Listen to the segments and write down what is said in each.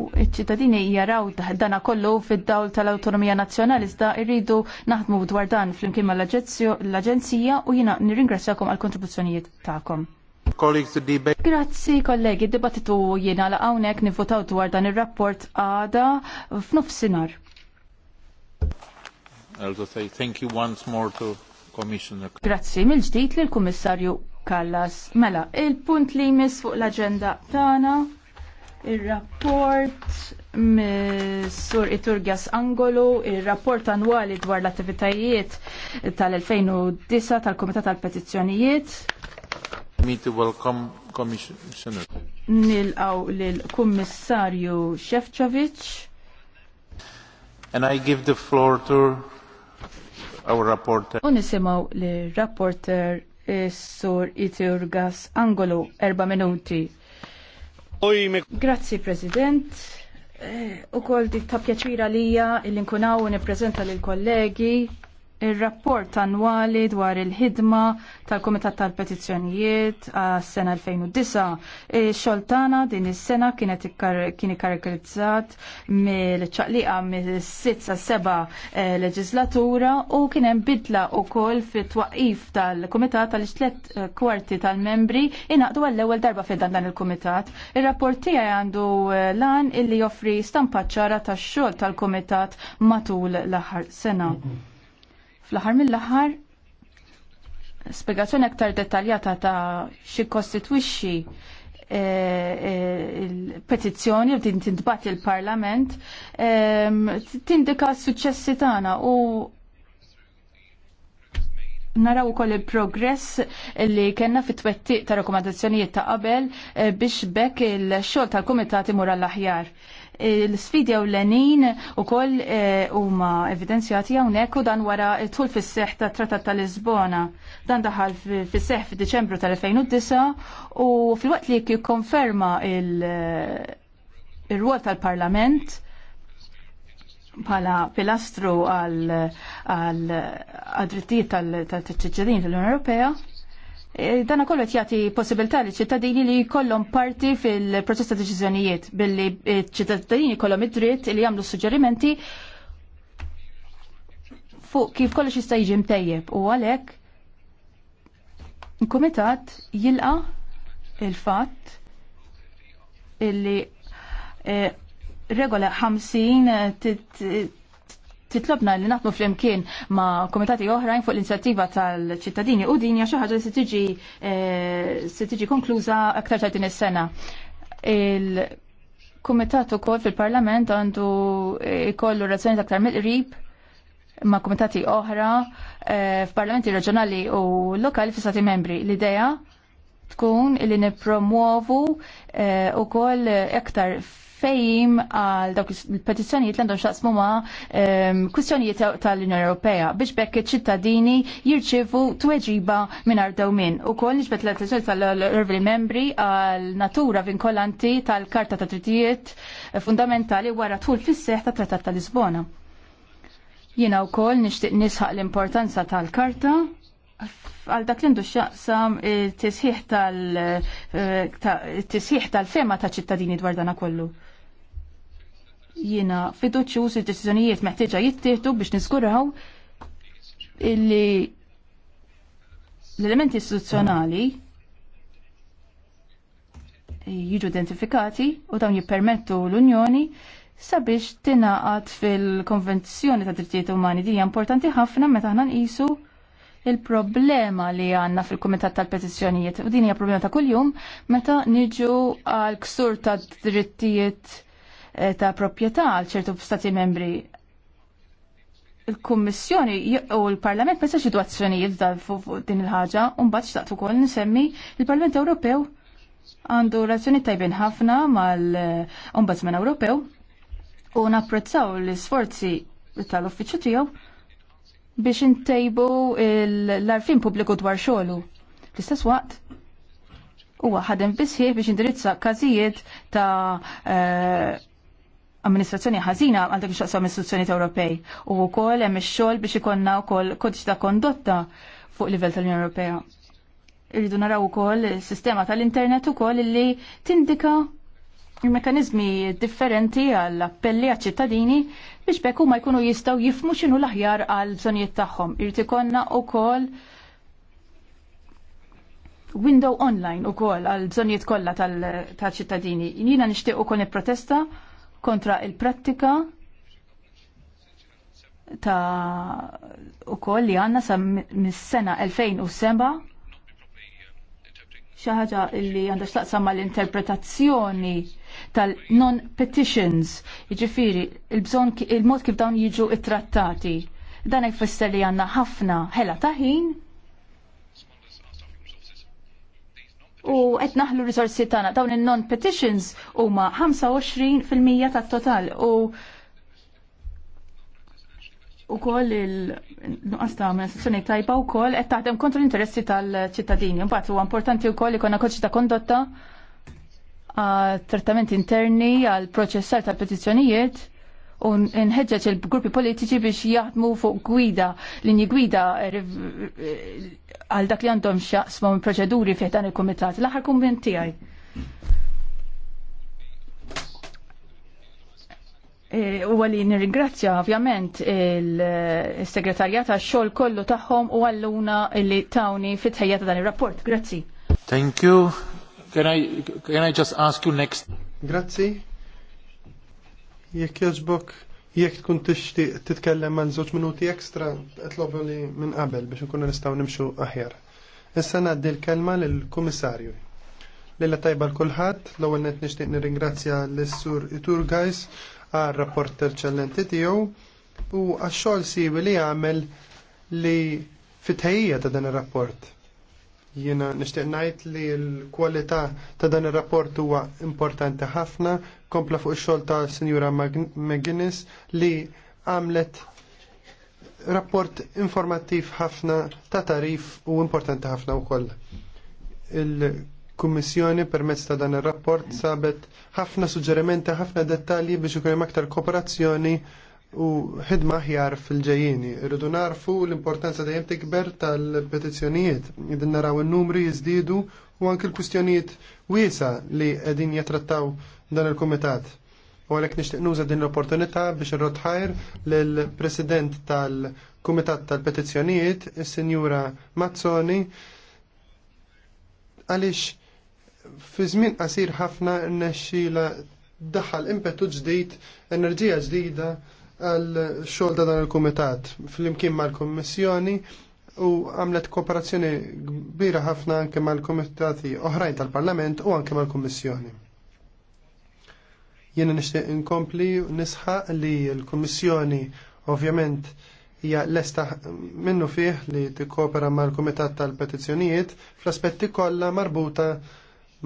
iċ-ċittadini jaraw dana kollu fid-dawl tal-autonomija iżda irridu naħdmu dwar dan flimkien mal l-Aġenzija u jina nirringrazzjakom għal kontribuzzjonijiet tagħkom. Grazzi kollegi, dibattitu jiena la hawnhekk nivvotaw dwar dan ir-rapport għada f'nofsinhar. Grazzi mill-ġdid lill-Kummissarju Kallas. Mela, il-punt li jmiss fuq l-aġenda tagħna Il-rapport Sur Iturgas Angolu, il-rapport annwali dwar l-attivitajiet tal-2009 tal-Komitat tal-Petizzjonijiet. Me to welcome Commissioner. Nilqaw lill-Kummissarju Shevchovic. And I give the floor to our rapporteur. Unisimaw l-rapporter Sur Iturgas Angolu, erba minuti. Grazzi, President. Eh, u kol dik ta' pjaċira lija il-inkunaw u nipprezenta lil kollegi il-rapport annwali dwar il-ħidma tal-Komitat tal-Petizzjonijiet għas-sena 2009. Xoltana din is-sena kienet kien ikkarakterizzat mill-ċaqliqa mill-sitt sa seba eh, leġislatura u kien hemm bidla wkoll fit-twaqif tal-Kumitat għal tliet eh, kwarti tal-membri inaqdu għall-ewwel darba fid dan il-Kumitat. Ir-rapport tiegħi għandu eh, lan illi joffri stampa ċara tax-xogħol tal-Kumitat matul l-aħħar sena. Mm -hmm. Fl-aħħar mill-aħħar spiegazzjoni aktar dettaljata ta' xi kostitwixxi eh, eh, il-petizzjoni u din tintbat il-parlament ehm, tindika s-suċessi tagħna u naraw ukoll il-progress li kellna fit twettiq ta' rakkomandazzjonijiet ta' qabel eh, biex bekk il-xogħol tal-kumitat imur għall-aħjar l-sfidi u l-lenin u koll eh, u ma evidenzjati għawnek u dan wara tul fis seħ ta' Tratat ta' Lisbona. Dan daħal fis seħ fi Deċembru tal-2009 u fil-waqt li konferma il-rwol eh, tal-Parlament pala pilastru għal drittijiet tal-ċittadini tal-Unjoni Ewropea Eh, dana kollu jagħti possibilità li ċittadini li jkollhom parti fil-proċess ta' deċiżjonijiet billi ċittadini jkollhom id-dritt li jagħmlu suġġerimenti fuq kif kollox jista' jiġi mtejjeb u għalhekk kumitat jilqa il-fatt illi eh, regola 50 titlobna li naħdmu flimkien ma' komitati oħrajn fuq l-inizjattiva tal-ċittadini u din xi ħaġa li se tiġi eh, se tiġi konkluża aktar ta' din is-sena. Il-kumitat ukoll fil-Parlament għandu jkollu eh, razzjoni aktar mill-qrib ma' komitati oħra eh, f'parlamenti reġjonali u lokali fi stati membri. L-idea tkun illi nipromuovu eh, u koll iktar fejm għal dawk il-petizzjonijiet l-għandhom xaqsmu ma' ehm, kwistjonijiet tal-Unjoni Ewropea biex bekk iċ-ċittadini jirċevu tweġiba minn ardew minn. U koll nixbet l-attenzjoni tal-Irvil membri għal natura vinkolanti tal-Karta ta' Trittijiet Fundamentali wara tul fis-seħ ta' Trattat tal Lisbona. Jiena wkoll nixtieq nisħaq l-importanza tal-Karta għal dak l-indu xaqsam eh, tisħiħ tal-fema ta' ċittadini dwar dana kollu. Jina fiduċjuż il-deċiżjonijiet meħtieġa jittieħdu biex niskurraw illi l-elementi istituzzjonali jiġu identifikati u dawn jippermettu l-Unjoni sabiex tinaqat fil-Konvenzjoni ta' Drittijiet Umani. Dinja importanti ħafna meta ħna nqisu il-problema li għanna fil-Kumitat tal-Petizzjonijiet. U din hija problema ta' kuljum meta niġu għal ksur ta' drittijiet eh, ta' proprjetà għal ċertu stati membri. Il-Kummissjoni u l-Parlament ma jistax situazzjonijiet fuq din il-ħaġa, un mbagħad xtaqt ukoll nisemmi il-Parlament Ewropew għandu razzjoni tajbin ħafna mal-Ombudsman eh, Ewropew u napprezzaw l-isforzi tal-uffiċċju tiegħu biex intejbu l-arfin pubbliku dwar xogħlu. Fl-istess waqt, huwa ħadem bisħieħ biex indirizza każijiet ta' eh, amministrazzjoni ħażina għal dak xaqsa amministrazzjoni Ewropej u wkoll hemm ix-xogħol biex ikonna wkoll kodiċ ta' kondotta fuq livell tal-Unjoni Ewropea. Irridu naraw ukoll is-sistema tal-internet ukoll li tindika il-mekanizmi differenti għall appelli għal ċittadini biex bekku ma jkunu jistaw jifmu xinu l-aħjar għal bżonijiet tagħhom. Irid u wkoll window online kol għal bżonijiet kollha tal-ċittadini. Jiena nixtieq ukoll protesta kontra il-prattika ta' ukoll li għandna sa' mis-sena 2007 xaħġa ħaġa li għandha x'taqsam mal-interpretazzjoni tal-non-petitions, jiġifieri il-bżonn il-mod kif dawn jiġu ittrattati. Dan jfisser li għandna ħafna ħela ta' ħin u qed naħlu risorsi tagħna dawn in non petitions huma 25% tat-total u u koll il-nuqqas ta' amministrazzjoni tajba u koll qed taħdem kontra l-interessi tal-ċittadini. Mbagħad huwa importanti wkoll ikun koċ ta' kondotta għal trattamenti interni għal proċessar tal-petizzjonijiet u nħeġġeġ il-gruppi politiċi biex jaħdmu fuq gwida, linji gwida eh, eh, għal dak li għandhom xaqsmu proċeduri fih dan il-komitat. L-aħħar kumment tiegħi. Eh, u għalli nirringrazzja ovvjament il-segretarjat għax xogħol kollu tagħhom u għalluna li tawni fit ta' dan ir-rapport. Grazzi. Thank you. Can I, can I just ask you next? Grazzi. Jekk jogħġbok, jekk tkun tixtieq titkellem għal żewġ minuti ekstra, etlobu li minn qabel biex nkunu nistgħu nimxu aħjar. Issa ngħaddi l-kelma lill-Kummissarju. Lilla tajba l-kulħadd, l-ewwel nett nixtieq nirringrazzja l-Sur Iturgajs għal rapport eċċellenti tiegħu u għax-xogħol siwi li għamel li fitħejja ta' dan ir-rapport. Jiena nixtieq ngħid li l-kwalità ta' dan ir-rapport huwa importanti ħafna, kompla fuq ix-xogħol ta' Sinjura McGuinness li għamlet rapport informattiv ħafna ta' tarif u importanti ħafna wkoll kummissjoni permezz ta' dan ir-rapport sabet ħafna suġġerimenti, ħafna dettalji biex ikun hemm aktar kooperazzjoni u ħidma aħjar fil-ġejjini. Irridu narfu l-importanza dejjem tikber tal-petizzjonijiet. Qegħdin naraw in-numri jiżdiedu u anke l-kwistjonijiet wiesa li qegħdin jattrattaw dan il-kumitat. U għalhekk nixtieq nuża din l-opportunità biex ħajr lill-President tal-Kumitat tal-Petizzjonijiet, is-Sinjura Mazzoni, għaliex fi żmien qasir ħafna rnexxila daħal impetu ġdid, enerġija ġdida għal xogħol ta' dan il-kumitat flimkien mal-Kummissjoni u għamlet kooperazzjoni kbira ħafna anke mal-kumitati oħrajn tal-Parlament u anke mal-Kummissjoni. Jiena nixtieq inkompli nisħaq li l-Kummissjoni ovvjament hija lesta minnu fih li tikkopera mal-Kumitat tal-Petizzjonijiet fl-aspetti kollha marbuta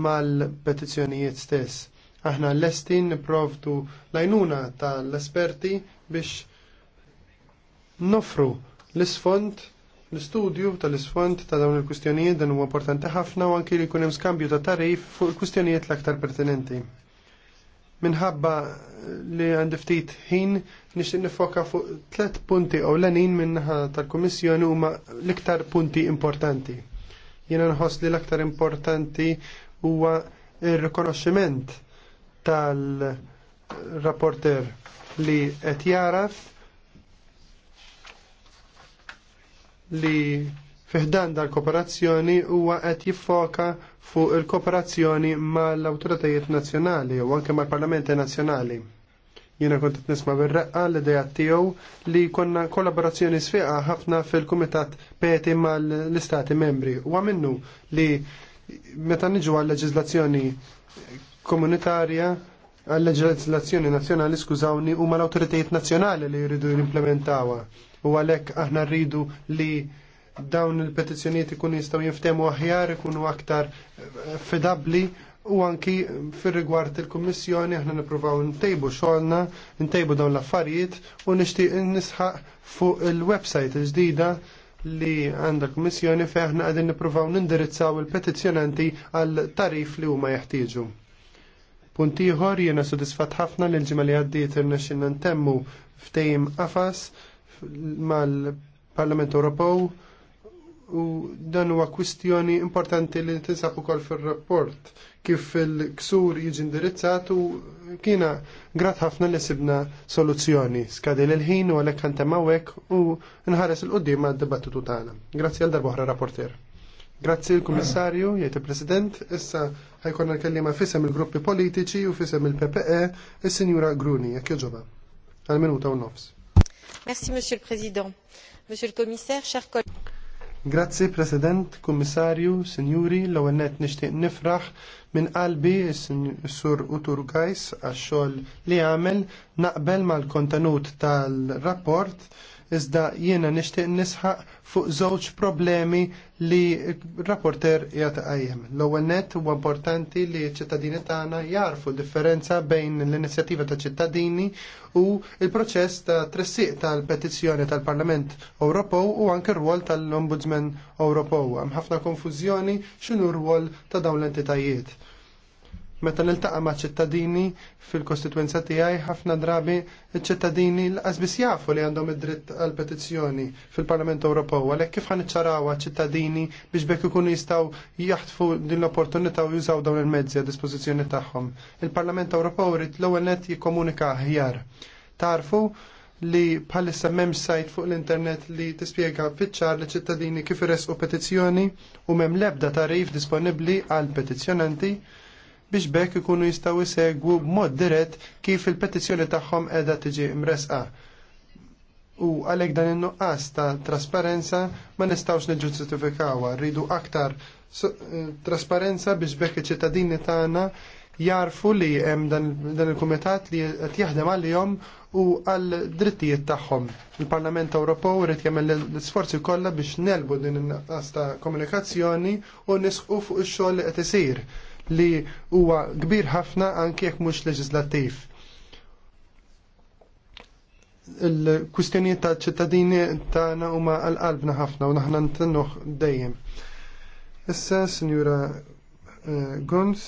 mal-petizzjonijiet stess. Aħna l-estin l lajnuna tal-esperti biex nofru l-isfond l-istudju tal-isfond ta' dawn il-kustjonijiet dan huwa importanti ħafna u anki li jkun hemm skambju ta' tarif fuq il-kustjonijiet l-aktar pertinenti. Minħabba li għandi ftit ħin nixtieq nifoka fuq tliet punti ewlenin min-naħa tal-Kummissjoni huma l-iktar punti importanti. Jiena nħoss li l-aktar importanti huwa ir-rikonoxximent tal-rapporter li qed jaraf li fiħdan dal-kooperazzjoni huwa qed jiffoka fuq il-kooperazzjoni mal-awtoritajiet nazzjonali u anke mal-parlamenti nazzjonali. Jiena kont qed nisma' bir-reqqa l-idea tiegħu li konna kollaborazzjoni sfiqa ħafna fil-Kumitat Peti mal-Istati Membri. Huwa minnu li meta niġu għal leġizlazzjoni komunitarja għal leġizlazzjoni nazzjonali skużawni huma l autoritajiet nazzjonali li jridu jimplementawha. U għalhekk aħna rridu li dawn il-petizzjonijiet ikunu jistgħu jiftemu aħjar, ikunu aktar eh, fedabli u anki fir rigward il-Kummissjoni aħna nippruvaw ntejbu xogħolna, ntejbu dawn l-affarijiet u nixtieq nisħaq fuq il-website il-ġdida il il website il ġdida li għandha missjoni feħna qegħdin nippruvaw nindirizzaw il-petizzjonanti għal tarif li huma jeħtieġu. Punt ieħor jiena sodisfatt ħafna li l-ġimgħa li għaddiet irnexxinna ntemmu ftehim qafas mal-Parlament Ewropew u dan huwa kwistjoni importanti li tinsab ukoll fir-rapport kif il-ksur jiġi indirizzat u kiena grat ħafna li sibna soluzzjoni skadi l ħin u għalhekk ħantem hawnhekk u nħares il qudiem għad-dibattitu tagħna. Grazzi għal darba rapporter. Grazzi l-Kummissarju, jgħid il-President, issa ħajkonna l-kellima fisem il-gruppi politiċi u fisem il-PPE, is-Sinjura Gruni, jekk joġoba. Għal minuta u nofs. Merci, Monsieur le Président. Monsieur le Commissaire, chers collègues. Grazzi President, Kummissarju, Sinjuri, l-ewwel nett nixtieq nifraħ minn qalbi sur Utur Gajs għax-xogħol li għamel naqbel mal-kontenut tal-rapport iżda jiena nixtieq nisħaq fuq żewġ problemi li rapporter jgħat għajjem. L-ewwel nett huwa importanti li ċ-ċittadini tagħna jarfu differenza bejn l-inizjattiva ta' ċittadini u il-proċess ta' tressiq tal-petizzjoni tal-Parlament Ewropew u anke r-rwol tal-Ombudsman Ewropew. Hemm ħafna konfużjoni x'inhu r-rwol ta' dawn l-entitajiet Meta niltaqa' ma' ċittadini fil-kostituenza tiegħi ħafna drabi ċ-ċittadini l-qasbis jafu li għandhom id-dritt għal petizzjoni fil-Parlament Ewropew, għalhekk kif ħaniċċarawha ċittadini biex bekk ikunu jistgħu jaħtfu din l-opportunità u jużaw dawn il-mezzi għad dispożizzjoni tagħhom. Il-Parlament Ewropew rrid l-ewwel nett jikkomunika aħjar. Tarfu li bħalissa memx sajt fuq l-internet li tispjega fiċċar li ċittadini kif iresqu petizzjoni u l lebda tarif disponibli għal petizzjonanti biex bekk ikunu jistgħu jisegwu b'mod dirett kif il-petizzjoni tagħhom qiegħda tiġi mresqa. U għalhekk dan in-nuqqas ta' trasparenza ma nistgħux niġġustifikawha, rridu aktar eh, trasparenza biex bekk iċ-ċittadini tagħna jarfu li hemm dan il-kumitat li qed jaħdem għalihom u għal drittijiet tagħhom. Il-Parlament Ewropew irid jagħmel l-isforzi kollha biex nelbu din in-naqqas ta' komunikazzjoni u nisqu fuq ix-xogħol li qed isir li huwa kbir ħafna anke jekk mhux leġislattiv. Il-kwistjonijiet taċ ċittadini tagħna huma għal-qalbna ħafna u naħna ntennuh dejjem. Issa, Sinjura eh, Guns,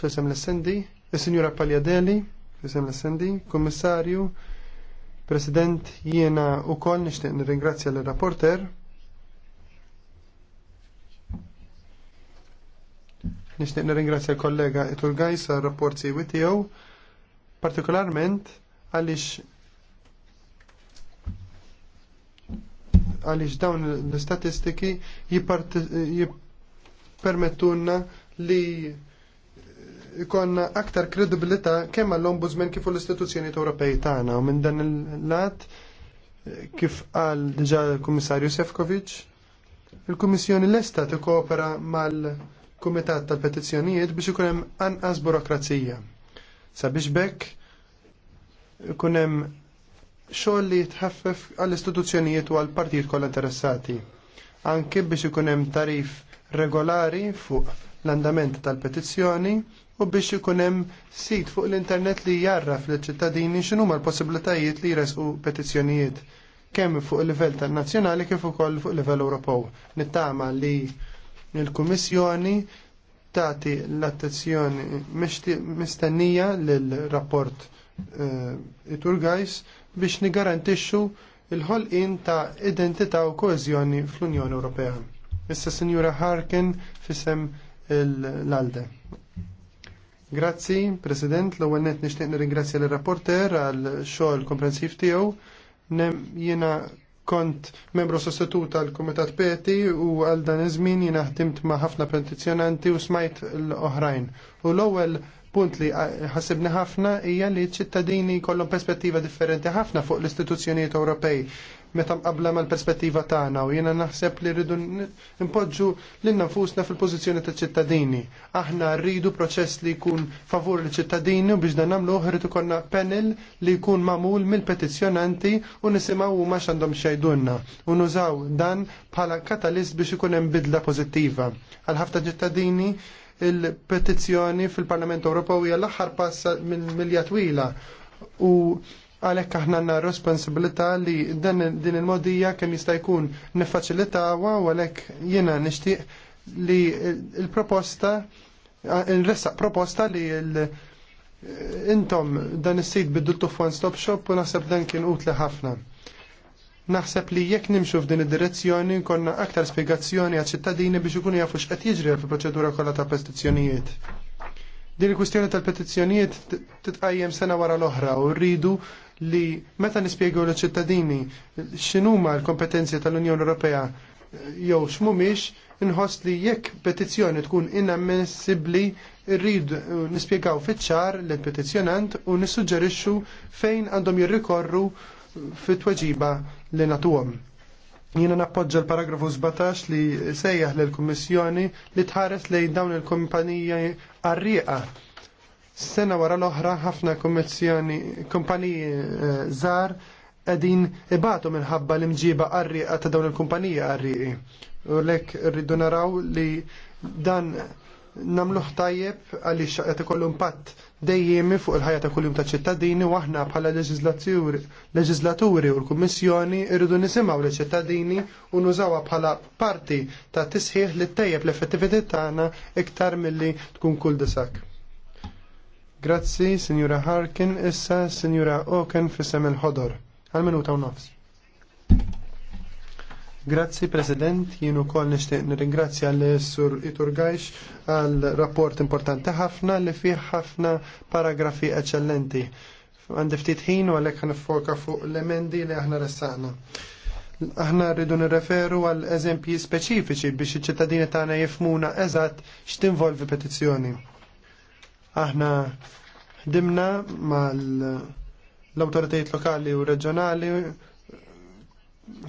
f'isem l-Sendi, eh, Sinjura Pagliadelli, f'isem l-Sendi, Kummissarju, President, jiena u nixtieq nishtiq nirringrazzja l-rapporter Nixtieq nirringrazzja l-kollega Itur Gajs għal-rapport siwi tiegħu, partikolarment għaliex għaliex dawn l-istatistiki jippermettunna li ikonna aktar kredibilità kemm għall-Ombudsman kif l-istituzzjoni Ewropej tagħna u minn dan il-lat kif qal diġà l-Kummissarju Sefkovic, il-Kummissjoni lesta tikkopera mal kumitat tal-petizzjonijiet biex ikun hemm anqas burokrazija. Sabiex bekk ikun hemm xogħol li jitħaffef għall-istituzzjonijiet u għall-partijiet kollha interessati. Anke biex ikun hemm tarif regolari fuq l-andament tal-petizzjoni u biex ikun hemm sit fuq l-internet li jarraf liċ ċittadini x'inhuma l-possibilitajiet li jresqu petizzjonijiet kemm fuq il livell tan-nazzjonali kif ukoll fuq il livell Ewropew. Nittama li Il-Kummissjoni tagħti l-attenzjoni mistennija lill-rapport eh, Iturgajs biex nigarantixxu il-ħolqien ta' identità u koezjoni fl-Unjoni Ewropea. Issa Sinjura Harkin fisem l-Alde. Grazzi, President, l-ewwel net nixtieq nirringrazzja l-rapporter għal xogħol komprensiv tiegħu. Jiena kont membru sostitut tal kumitat Peti u għal dan iż-żmien jiena ħdimt ma' ħafna petizjonanti u smajt l-oħrajn. U l-ewwel punt li ħasibni ħafna hija li ċ-ċittadini kollhom perspettiva differenti ħafna fuq l-istituzzjonijiet Ewropej meta mqabla mal-perspettiva tagħna u jiena naħseb li rridu impoġġu lil nfusna fil-pożizzjoni ta' ċittadini Aħna rridu proċess li jkun favur l-ċittadini u biex dan nagħmlu rrid ikollna panel li jkun magħmul mill-petizzjonanti u nisimgħu huma x'għandhom xejdunna u nużaw dan bħala katalist biex ikun hemm bidla pożittiva. Għal ħafna ċittadini il-petizzjoni fil-Parlament Ewropew hija l-aħħar pass minn milja twila u għalhekk aħna għandna responsabilità li dan din il-modija kemm jista' jkun niffaċilitawha u għalhekk jiena nixtieq li l proposta il-ressaq proposta li intom dan is-sit biddultu f'One Stop Shop u naħseb dan kien utli ħafna. Naħseb li jekk nimxu f'din id-direzzjoni konna aktar spjegazzjoni għal ċittadini biex ikunu jafu x'qed jiġri fil-proċedura kollha ta' petizzjonijiet. Din il-kwistjoni tal-petizzjonijiet titqajjem sena wara l-oħra u rridu li meta nispjegaw l ċittadini x'inhuma l-kompetenzi tal-Unjoni Ewropea jew x'mhumiex inħoss li jekk petizzjoni tkun inammissibbli rridu nispjegaw fiċ-ċar lill petizzjonant u nissuġġerixxu fejn għandhom jirrikorru fit-tweġiba li nagħtuhom. Jiena nappoġġa l-paragrafu 17 li sejjaħ lill kummissjoni li tħares lejn dawn il-kumpanija għarrieqa Sena wara l-oħra ħafna kumpaniji eh, żgħar qegħdin ibatu minħabba l-imġiba qarriqa ta' dawn il-kumpaniji qarriqi. U lek rridu naraw li dan namluħ tajjeb għaliex qed ikollu impatt dejjemi fuq il-ħajja ta' kuljum ta' ċittadini u aħna bħala leġislaturi u l-Kummissjoni rridu nisimgħu liċ-ċittadini u nużawha bħala parti ta' tisħiħ li tejjeb l-effettività tagħna iktar milli tkun kull disak. Grazzi, Sinjura Harkin, issa Sinjura Oken fissem il-ħodor. Għal-minuta u nofs. Grazzi, President, jienu kol nishtiq nirringrazzja l-Sur Iturgajx għal-rapport importanti ħafna li fih ħafna paragrafi eccellenti. Għandi ftit ħin u għalek ħanifoka fuq l-emendi li aħna ressaqna aħna rridu nirreferu għal eżempji speċifiċi biex iċ-ċittadini tagħna jifmuna eżatt x'tinvolvi petizzjoni. Aħna ħdimna mal l-autoritajiet lokali u reġjonali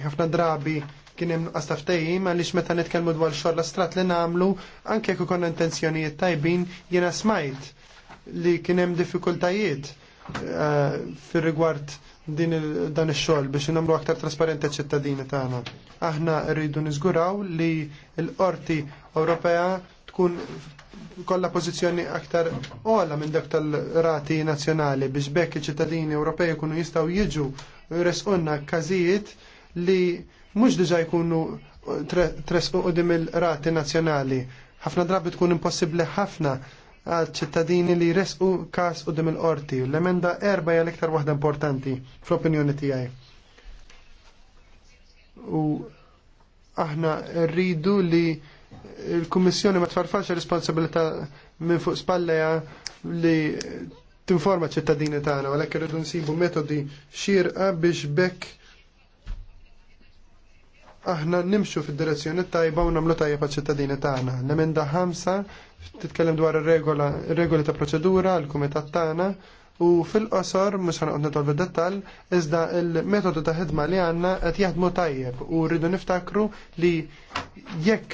ħafna drabi kien hemm nuqqas taftejjim għaliex meta nitkellmu dwar xogħol astrat li nagħmlu anke jekk ukollna intenzjonijiet tajbin jiena smajt li kien hemm diffikultajiet eh, fir-rigward din dan ix-xogħol biex nagħmlu aktar trasparenti ċ-ċittadini tagħna. Aħna rridu niżguraw li l-Qorti Ewropea tkun kolla pożizzjoni aktar ola minn dak tal-rati nazzjonali biex bekk iċ-ċittadini Ewropej kunu jistgħu jiġu resqonna każijiet li mhux diġa jkunu tresqu qudiem il-rati nazzjonali. Ħafna drabi tkun impossibbli ħafna għal ċittadini li resqu każ u il-qorti. L-emenda erba hija l-iktar waħda importanti fl-opinjoni tiegħi. U aħna rridu li il-Kummissjoni ma tfarfax responsabilità minn fuq spalleja li tinforma ċittadini tagħna, għalhekk irridu nsibu metodi xirqa biex bekk aħna nimxu fid-direzzjoni tajba u nagħmlu tajjeb ċittadini tagħna. L-emenda ħamsa titkellem dwar ir-regola regoli ta' proċedura l-kumitat tagħna u fil-qosor mhux ħanqod nitolbu dettall iżda l-metodu ta' ħidma li għandna qed jaħdmu tajjeb u rridu niftakru li jekk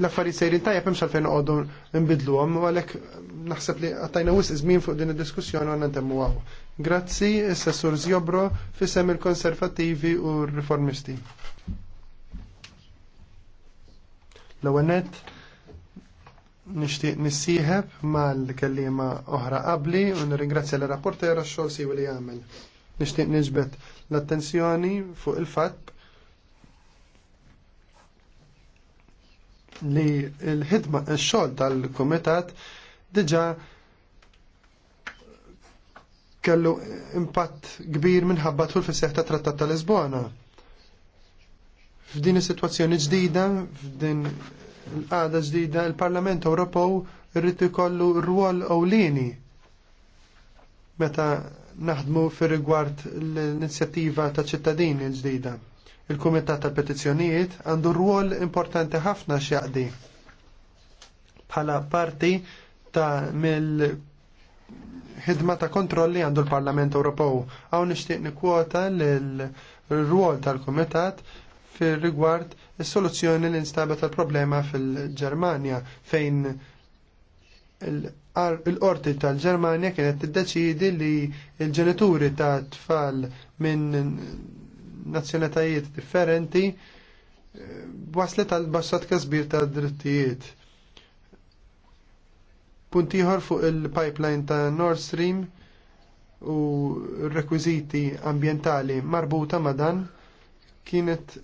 l-affarijiet sejrin tajjeb hemm xalfejn qogħdu nbidluhom u għalhekk naħseb li għattajna wisq żmien fuq din id-diskussjoni għandna ntemmu għaw. Grazzi, s-sessur Zjobro, fissem il-konservativi u r-reformisti. L-għonet, nishtiq nissieħeb mal-kellima oħra qabli u nirringrazzja l-rapporter għax-xogħol siwi li jagħmel. Nixtieq niġbed l-attenzjoni fuq il-fatt li l-ħidma x-xogħol tal-kumitat diġà kellu impatt kbir minħabba tul fis seħħ ta' Trattat ta' Lisbona. F'din is-sitwazzjoni ġdida, f'din l-qagħda ġdida, il-Parlament Ewropew irrid ikollu rwol ewlieni meta naħdmu fir rigward l-inizjattiva ta' ċittadini l-ġdida. Il-Kumitat tal-Petizzjonijiet għandu rwol importanti ħafna x'jaqdi bħala parti ta' mill ħidma ta' kontrolli għandu l-Parlament Ewropew. Hawn nixtieq nikkwota l-rwol tal-Kumitat fir rigward is-soluzzjoni li nstabet tal-problema fil-Ġermanja fejn il-qorti tal-Ġermanja kienet tiddeċidi li l-ġenituri ta' tfal minn nazzjonetajiet differenti eh, waslet għal bassat kazbir ta' drittijiet. Puntiħor fuq il-pipeline ta' Nord Stream u rekwiziti ambientali marbuta ma' dan kienet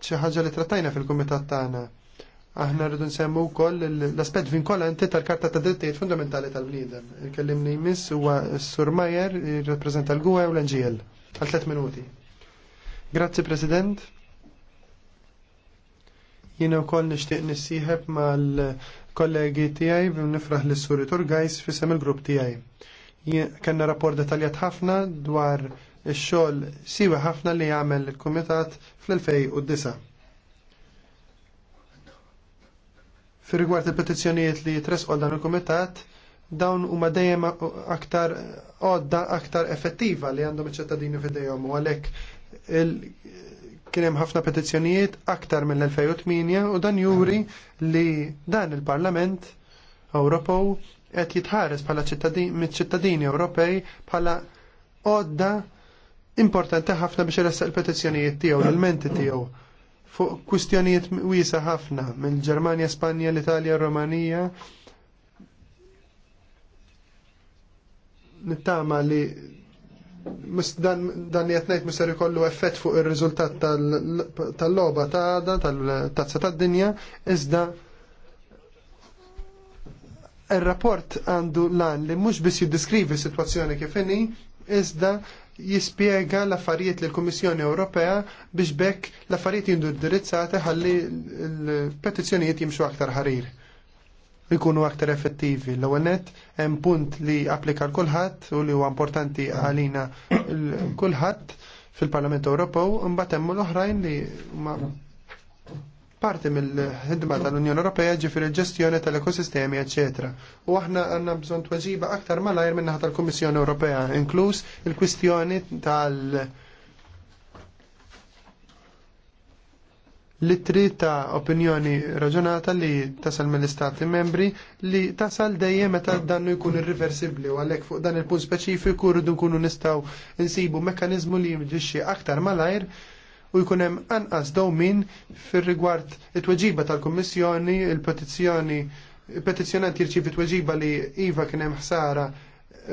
xi ħaġa li trattajna fil-kumitat tagħna. Aħna rridu nsemmu wkoll l-aspett vinkolanti tal-Karta ta' Drittijiet Fundamentali tal-Bniedem. Il-kellimni jmiss huwa Sur Majer, jirrappreżenta l-Gwe u e l-NGL. Għal tliet minuti. Grazzi President. koll nishtiq nixtieq ma mal-kollegi tiegħi nifraħ l suri Turgajs fisem il-grupp tiegħi. Kenna rapport detaljat ħafna dwar ix-xogħol siwa ħafna li jagħmel il-Kumitat fl-2009. Fir-rigward il-petizzjonijiet li jitresqol dan il-Kumitat, dawn huma dejjem aktar qodda aktar effettiva li għandhom iċ-ċittadini f'idejhom u għalhekk kien hemm ħafna petizzjonijiet aktar mill-2008 u dan juri li dan il-Parlament Ewropew qed jitħares bħala ċittadini Ewropej bħala għodda importanti ħafna biex iressaq il-petizzjonijiet tiegħu, l-menti tiegħu fuq kwistjonijiet wiesa ħafna mill-Ġermanja, Spanja, l-Italja, Romanija. Nittama li dan li jatnajt mister ikollu effett fuq il-rizultat tal-loba ta' għada, tal-tazza ta' dinja, iżda il-rapport għandu lan li mux bis jiddiskrivi situazzjoni kifini, iżda jispiega l-affarijiet l kummissjoni Ewropea biex bekk l-affarijiet jindu indirizzati ħalli l-petizzjonijiet jimxu aktar ħarir ikunu aktar effettivi. L-ewwel nett hemm punt li applika l kulħadd u li huwa importanti għalina kulħadd fil-Parlament Ewropew, imbagħad hemm l-oħrajn li ma parti mill-ħidma tal-Unjoni Ewropea ġifier il ġestjoni tal-ekosistemi, ecc. U aħna għandna bżonn tweġiba aktar malajr minnaħa tal-Kummissjoni Ewropea, inkluż il-kwistjoni tal- litri ta' opinjoni raġunata li tasal mill-istati membri li tasal dejjem meta dannu jkun irreversibli u għalhekk fuq dan il-punt speċifiku rridu nkunu nistgħu insibu mekkaniżmu li jimġixxi aktar malajr u jkun hemm anqas dowmin fir-rigward it-tweġiba tal-Kummissjoni, il-petizzjoni il-petizzjonant jirċievi tweġiba li iva kien hemm ħsara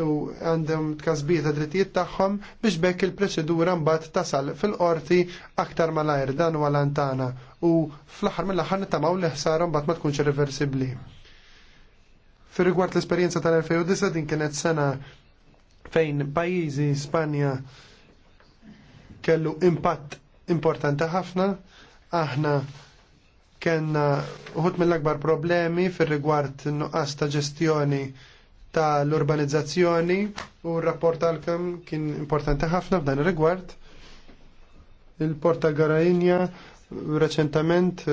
u għandhom ta' drittijiet tagħhom biex bekk il-proċedura mbagħad tasal fil-qorti aktar malajr dan u għalantana u fl-aħħar mill-aħħar nittamaw li ħsara mbagħad ma tkunx irreversibbli. Fir rigward l-esperjenza tal-2009 din kienet sena fejn pajjiżi Spanja kellu impatt importanti ħafna, aħna kena uħut mill-akbar problemi fir rigward nuqqas ta' ġestjoni Ta l urbanizzazzjoni u r-rapport għal-kem kien importanti ħafna f'dan ir-rigward. Il-Porta Garajinja reċentament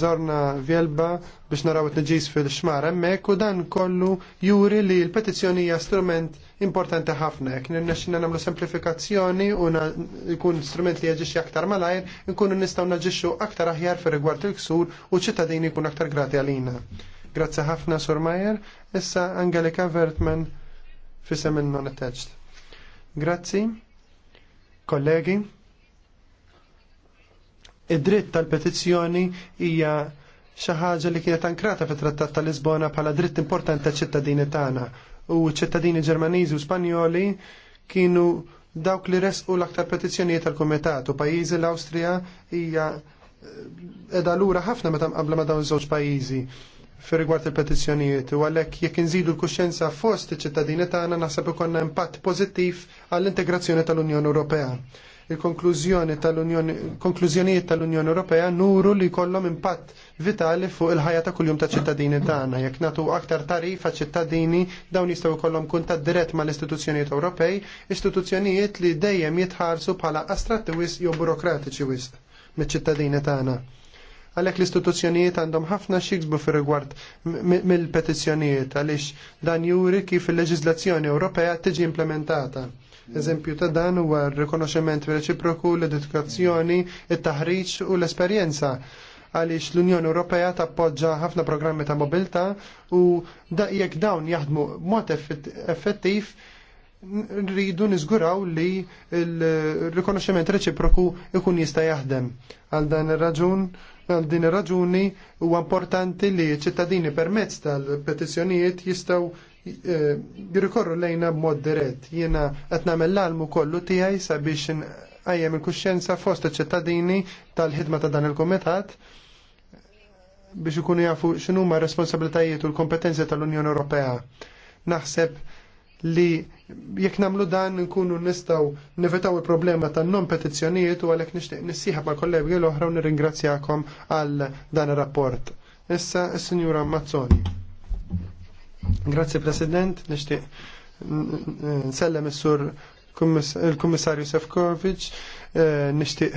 Zorna eh, Vjelba biex naraw t-nġis fil-xmar emmek u dan kollu juri li l-petizjoni hija strument importanti ħafna. Kien nirnexxina nagħmlu semplifikazzjoni u jkun strument li jaġixxi aktar malajr, nkunu nistgħu naġixxu aktar aħjar fir rigward il-ksur u ċittadini jkun aktar grati għalina. Grazzi ħafna, Sur Majer. Issa Angelika Vertman fisem il-non attached. Grazzi, kollegi. Id-dritt tal-petizzjoni hija xi ħaġa li kienet ankrata fit-Trattat tal Lisbona bħala dritt importanti ta' ċittadini tagħna u ċittadini Ġermaniżi u Spanjoli kienu dawk li resqu l-aktar petizzjonijiet tal-Kumitat u pajjiżi l-Awstrija hija eh, edha lura ħafna meta mqabbla ma dawn iż-żewġ pajjiżi fir rigward il-petizzjonijiet u għalhekk jekk inżidu l-kuxjenza fost iċ-ċittadini tagħna naħseb ikollna impatt pożittiv għall-integrazzjoni tal-Unjoni Ewropea. Il-konklużjoni tal-Unjoni konklużjonijiet tal-Unjoni Ewropea nuru li jkollhom impatt vitali fuq il-ħajja ta' kuljum ta' ċittadini tagħna. Jekk nagħtu aktar tarif ċittadini dawn jistgħu jkollhom kuntatt dirett mal-istituzzjonijiet Ewropej, istituzzjonijiet li dejjem jitħarsu bħala astratti jew burokratiċi wisq miċ-ċittadini tagħna. Għalhekk l-istituzzjonijiet għandhom ħafna xiksbu fi rigward mill-petizzjonijiet għaliex dan juri kif il leġizlazzjoni Ewropea tiġi implementata. Eżempju ta' dan huwa r-rikonoxximent reċiproku l-edukazzjoni, il taħriġ u l-esperjenza għaliex l-Unjoni Ewropea tappoġġa ħafna programmi ta' mobilta u da' jekk dawn jaħdmu mod effettiv rridu niżguraw li l-rikonoxximent reċiproku ikun jista' jaħdem. Għal dan ir-raġun għal din ir-raġuni huwa importanti li ċittadini permezz tal-petizzjonijiet jistgħu eh, jirrikorru lejna b'mod dirett. Jiena qed nagħmel l-almu kollu tiegħi sabiex ajjem il-kuxjenza fost ċittadini tal-ħidma ta' dan il-kumitat biex ikunu jafu x'inhuma r-responsabilitajiet u l-kompetenzi tal-Unjoni Ewropea. Naħseb li Jekk nagħmlu dan nkunu nistgħu nivetaw il-problema tan non petizzjonijiet u għalhekk nixtieq nissieħab ma' kollegi l-oħra u nirringrazzjakom għal dan il rapport Issa il signora Mazzoni. Grazzi President, nixtieq nsellem is-sur il-Kummissarju Sefkovic, eh, nixtieq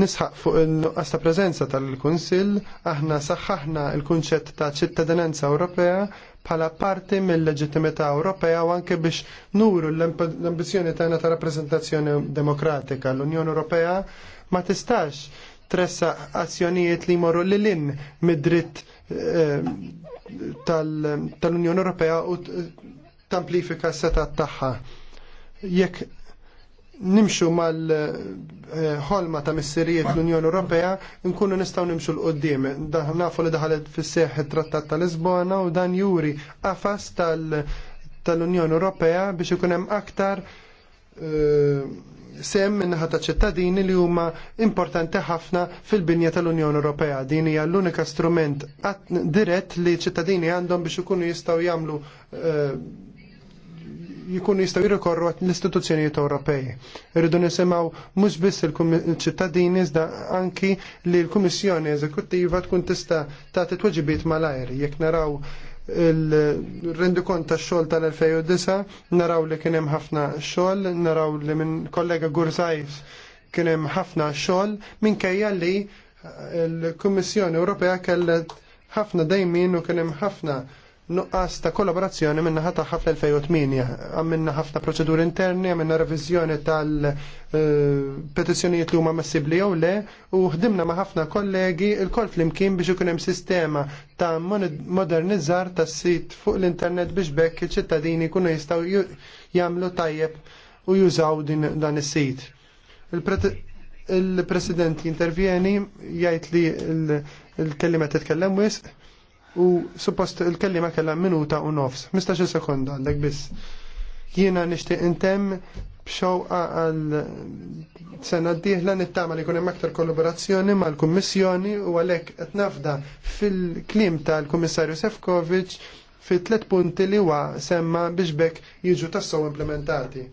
nisħaq fuq il nuqqasta prezenza tal-Kunsill, aħna saħħaħna il-kunċett ta' ċittadinanza Ewropea bħala parti mill-leġittimità Ewropea u anke biex nuru l-ambizjoni tagħna ta' rappreżentazzjoni demokratika. L-Unjoni Ewropea ma tistax tressa azzjonijiet li jmorru lil in mid-dritt eh, tal-Unjoni Ewropea u tamplifika s-setat tagħha. Jekk nimxu mal-ħolma eh, ta' missirijiet l-Unjoni Ewropea nkunu nistgħu nimxu l-qoddim. Nafu li daħalet fis-seħ it-Trattat tal Lisbona u dan juri qafas tal-Unjoni Ewropea biex ikun hemm aktar eh, sem minnaħa ta' ċittadini li huma importanti ħafna fil-binja tal-Unjoni Ewropea. Din hija l-unika strument dirett li ċittadini għandhom biex ikunu jistgħu jagħmlu eh, jikunu jistaw jirrikorru l-istituzzjonijiet Ewropej. Irridu nisimaw mhux biss il-ċittadini iżda anki li l-Kummissjoni Eżekuttiva tkun tista' tagħti tweġibiet malajr jekk naraw il-rendu kont ta' xogħol tal-2009, naraw li kien hemm ħafna xogħol, naraw li minn kollega Gurzajf kien hemm ħafna xogħol minkejja li l-Kummissjoni Ewropea kellet ħafna dajmin u kien hemm ħafna nuqqas ta' kollaborazzjoni minna ħata tagħha fl-2008. Għamminna ħafna proċeduri interni, għamminna revizjoni tal-petizzjonijiet eh, li huma massibli jew le, u ħdimna ma' ħafna kollegi il-kol flimkien biex ikun hemm sistema ta' modernizzar tas-sit fuq l-internet biex bekk il-ċittadini jkunu jistgħu jagħmlu tajjeb u jużaw din dan is-sit. Il-President jintervjeni jgħid li l-kellimet titkellem wisq u suppost il-kellima kellha minuta u nofs, 15 sekonda għandek biss. Jiena nixtieq intemm b'xewqa għal sena d-dieħla nittama li jkun hemm aktar kollaborazzjoni mal-Kummissjoni u għalhekk qed nafda fil-kliem tal-Kummissarju Sefkovic fi tliet punti li huwa semma biex bekk jiġu tassew implementati.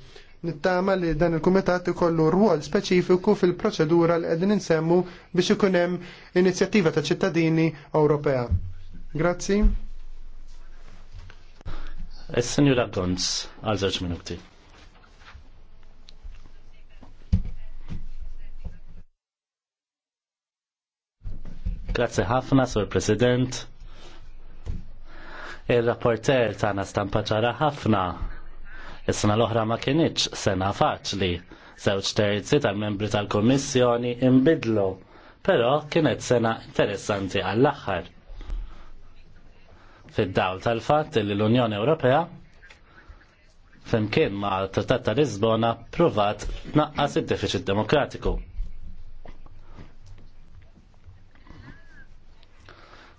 Nittama li dan il-Kumitat ikollu rwol speċifiku fil-proċedura li qegħdin insemmu biex ikun hemm inizjattiva ta' ċittadini Ewropea. Grazzi. Is-Sinjura Gons, għal żewġ minuti. Grazzi ħafna, Sur President. Il-rapporter tagħna stampa ċara ħafna. Is-sena l-oħra ma kienieċ sena faċli. Żewġ terzi tal-membri tal-Kummissjoni imbidlu, però kienet sena interessanti għall-aħħar fid-dawl tal-fatt li l-Unjoni Ewropea flimkien ma' trattat ta' Lisbona provat naqqas id-deficit demokratiku.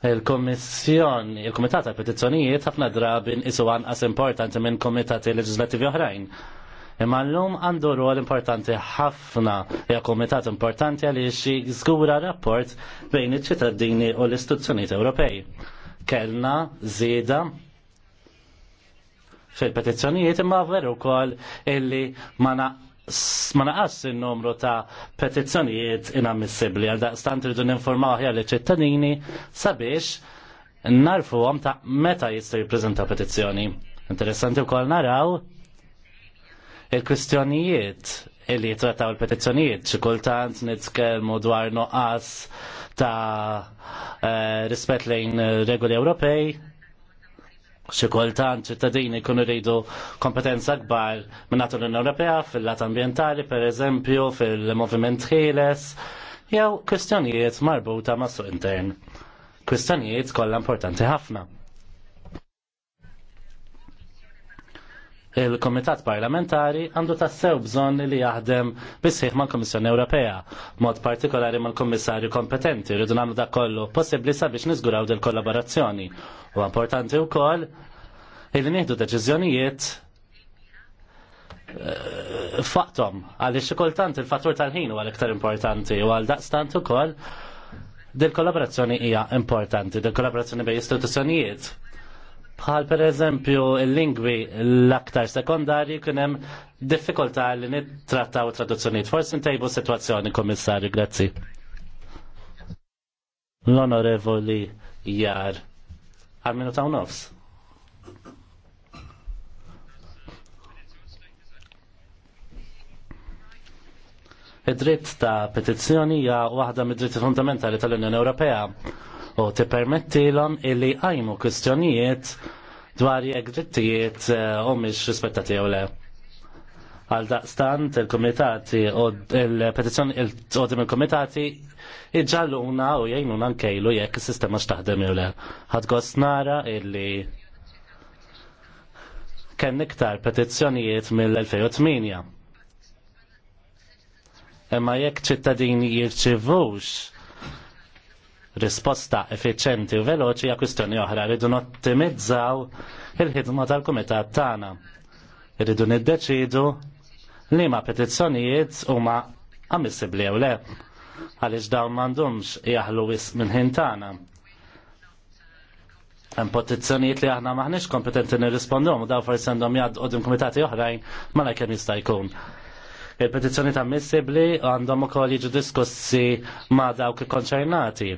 il-Kommissjon, il-Komitat tal petizzjonijiet ħafna drabin isu għanqas importanti minn komitati leġislativi oħrajn. Imma l-lum għandu rol importanti ħafna, ja komitat importanti għaliex xi żgura rapport bejn iċ-ċittadini u l-istituzzjonijiet Ewropej kellna zeda fil-petizzjonijiet imma veru wkoll illi ma naqas il-numru ta' petizzjonijiet inammissibbli għal daqstant irridu ninformaw aħjar li ċittadini sabiex narfu għom ta' meta jista' prezenta petizzjoni. Interessanti wkoll naraw il-kwistjonijiet illi jitrattaw il-petizzjonijiet, xi kultant nitkellmu dwar noqqas ta' eh, rispett lejn regoli Ewropej, xi kultant ċittadini jkunu rridu kompetenza kbar minn nagħtu l-Unjoni Ewropea fil-lat ambjentali, pereżempju, fil-moviment ħieles, jew kwistjonijiet marbuta mas suq intern. Kwistjonijiet kollha importanti ħafna. il-Komitat Parlamentari għandu tassew bżonn li jaħdem bisħiħ mal komissjoni Ewropea, mod partikolari mal komissarju kompetenti, rridu nagħmlu dak kollu possibbli sabiex niżguraw del kollaborazzjoni. U importanti wkoll li nieħdu deċiżjonijiet eh, faqtom għaliex xi kultant il-fattur tal-ħin huwa l-iktar importanti u għal daqstant ukoll dil kollaborazzjoni hija importanti, dil kollaborazzjoni bej istituzzjonijiet Bħal per eżempju il-lingwi l-aktar sekondari kunem diffikultà li nittrattaw traduzzjoniet. Forsi ntejbu situazzjoni, komissarju, grazzi. L-onorevoli jar. Għal-minu ta' nofs. Id-dritt ta' petizzjoni hija waħda mid-dritti fundamentali tal-Unjoni Ewropea u l-om illi għajmu kwistjonijiet dwar jekk drittijiet eh, u mhix rispettati u le. Għal daqstant il-komitati u il petizjoni il-tqodim il-komitati iġalluna u jgħinuna nkejlu jekk is-sistema x'taħdem jew le. Ħadd gost nara illi kenn iktar petizzjonijiet mill-2008. Imma jekk ċittadini jirċivux risposta effiċenti u veloċi għal kwistjoni oħra. Rridu nottimizzaw il-ħidma tal-Kumitat tagħna. Rridu niddeċidu li ma petizzjonijiet huma ammissibbli jew le għaliex dawn m'għandhomx jaħlu wis minn ħin tagħna. Hemm petizzjonijiet li aħna maħniex kompetenti nirrispondhom u daw forsi għandhom jgħaddu kumitati oħrajn mala kemm jista' jkun il-petizzjoni ta' missibli għandhom ukoll jiġu diskussi ma' dawk ikkonċernati.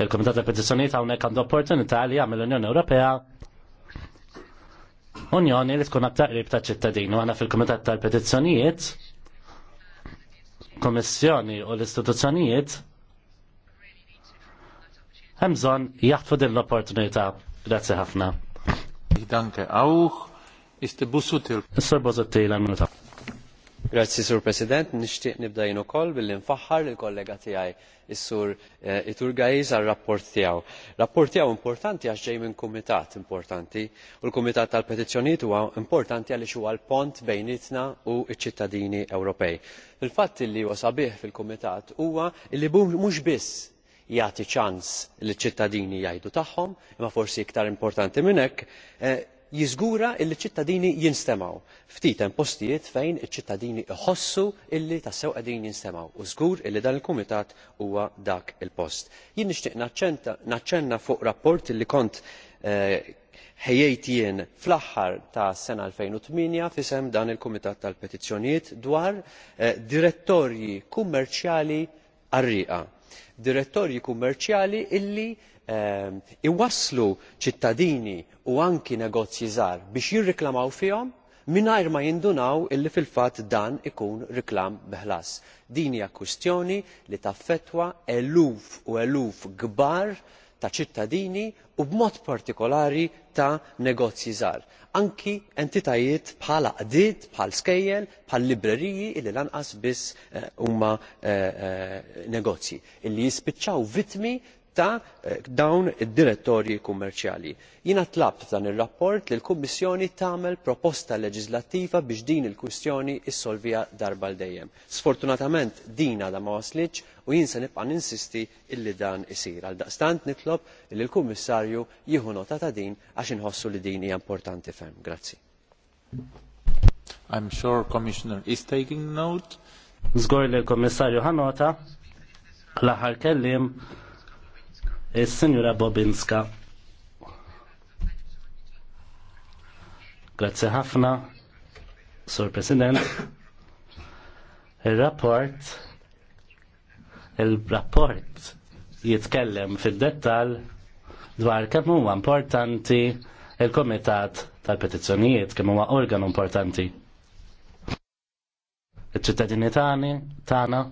Il-Komitat ta' Petizzjonijiet hawnhekk għandu opportunità li jagħmel l-Unjoni Ewropea Unjoni li tkun qrib ta' ċittadini u għana fil-Komitat tal-Petizzjonijiet, Komissjoni u l-istituzzjonijiet hemm bżonn jaħtfu din l-opportunità. Grazzi ħafna. Danke awħ, istibussu til. Sir l-minuta. Grazzi, Sur President. Nixtieq nibda ukoll billi nfaħħar il-kollega tiegħi is-Sur eh, Iturgajz għar-rapport tiegħu. Rapport tiegħu importanti għax ġej minn kumitat importanti u l-Kumitat tal-Petizzjonijiet huwa importanti għaliex huwa l-pont bejnietna u ċ-ċittadini Ewropej. Il-fatt li huwa sabiħ fil-Kumitat huwa li mhux biss jagħti ċans ċ ċittadini jgħidu tagħhom, imma forsi iktar importanti minn hekk eh, jiżgura li ċittadini jinstemaw ftit hemm postijiet fejn iċ-ċittadini iħossu illi tassew qegħdin jinstemaw u żgur li dan il-kumitat huwa dak il-post. jien nixtieq naċċenna fuq rapport li kont eh, ħejjejt jien fl aħħar ta' sena 2008 u f'isem dan il kumitat tal petizzjonijiet dwar eh, direttorji kummerċjali għarrieqa direttorji kummerċjali illi Ehm, iwasslu ċittadini u anki negozji żgħar biex jirriklamaw fihom mingħajr ma jindunaw illi fil fatt dan ikun riklam beħlas. din hija kwistjoni li taffettwa eluf u eluf kbar ta' ċittadini u b'mod partikolari ta' negozji żgħar anki entitajiet bħala qdiet, bħal skejjel bħal libreriji illi lanqas biss eh, huma eh, eh, negozji illi jispiċċaw vittmi ta' eh, dawn id-direttorji kummerċjali. Jina tlab f'dan ir-rapport li l-Kummissjoni tagħmel proposta leġislattiva biex din il-kwistjoni issolvija darba l dejjem. Sfortunatament din għadha ma waslitx u jien se nibqa' ninsisti illi dan isir. Għaldaqstant nitlob li l-Kummissarju jieħu nota ta' din għax inħossu li din hija importanti ferm. Grazzi. I'm sure Commissioner is taking note. Zgur li l-Kommissarju ħanota l-aħħar kellim Signora Bobinska. Grazzi ħafna, Sur President. Il-rapport il-rapport jitkellem fil-dettal dwar kemm huwa importanti il-Komitat tal-Petizzjonijiet kemm huwa organ importanti. Iċ-ċittadini tagħna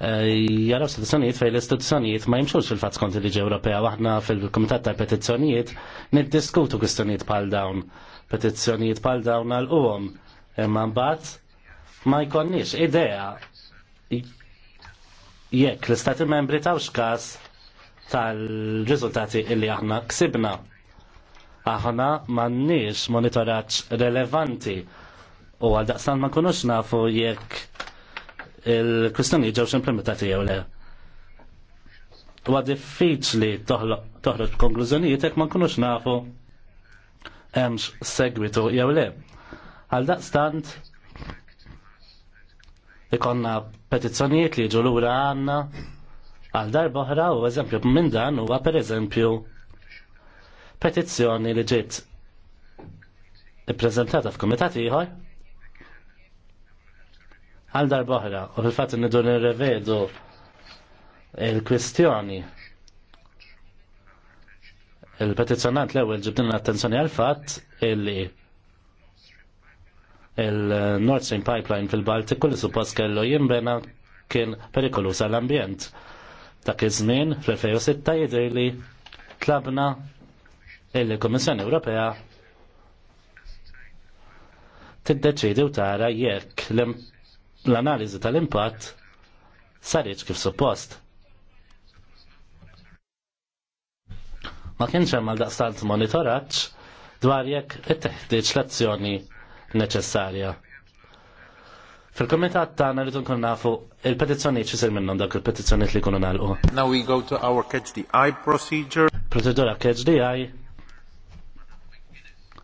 Eh, jaraw istituzzjonijiet fej l-istituzzjonijiet ma jimxux fil-fatt skont il-liġi Ewropea waħna fil-Kumitat tal Petizzjonijiet niddiskutu kwistjonijiet bħal dawn. Petizzjonijiet bħal dawn għal uwom imma mbagħad ma jkollniex idea jekk l-Istati membri tawx każ tal-riżultati illi aħna ksibna. Aħna m'għandniex monitoraġġ relevanti u għal daqsan ma kunux nafu jekk il-kwistjoni ġewx implementati jew le. Huwa diffiċli toħroġ konklużjonijiet jekk ma nkunux nafu hemmx segwitu jew le. Għal daqstant ikonna petizzjonijiet li jiġu lura għandna għal darba oħra u eżempju minn dan huwa pereżempju petizzjoni li ġiet ippreżentata f'kumitat ieħor għal darbohra u fil-fat nidu nirrevedu il-kwistjoni il-petizjonant l-ewel ġibdin l-attenzjoni għal-fat illi il-Nord Stream Pipeline fil-Baltik kulli suppost kellu jimbena kien perikolus għall-ambjent. Dak iż-żmien fl-2006 jidher li tlabna il-Kommissjoni Ewropea tiddeċidi u tara jekk l l-analiżi tal-impatt saritx kif suppost. Ma kienx hemm għal daqstant monitoraġġ dwar jekk it-teħdiġ l-azzjoni neċessarja. Fil-komitat tagħna rridu nkun nafu il-petizzjonijiet sir minnhom dak il-petizzjonijiet li jkunu nagħlqu. Now we go to our catch the eye procedure. Procedura catch the eye.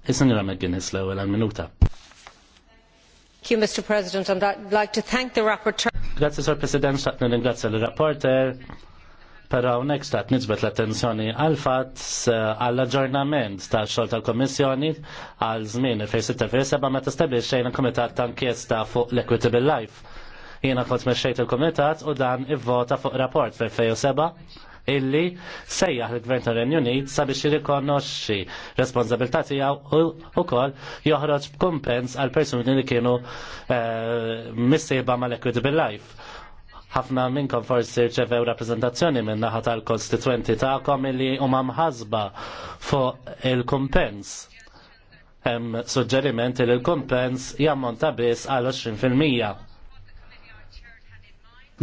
Is-Sinjora McGuinness l-ewwel għal-minuta. Mr. President, and I'd like to thank the rapporteur. Grazie, Sir President, xtaqt nirringrazzja l-rapporter. Pero unek xtaqt nizbet l-attenzjoni għal-fat għall-aġġornament ta' xol ta' komissjoni għal żmien il-2007 ma testabliċ xejn il-Komitat ta' inkjesta fuq l-Equitable Life. Jiena kont mexxejt il-Komitat u dan ivvota fuq rapport fil Seba illi sejjaħ il-Gvern tar Unit sabiex jirrikonoxxi responsabilità tiegħu ukoll joħroġ b'kumpens għal persuni li kienu eh, missieba mal bil Life ħafna minnkom forsi rċevew rappresentazzjoni minn naħa tal-konstituenti tagħkom li huma mħasba fuq il-kumpens. Hemm suġġerimenti li l-kumpens jammonta biss għal 20%.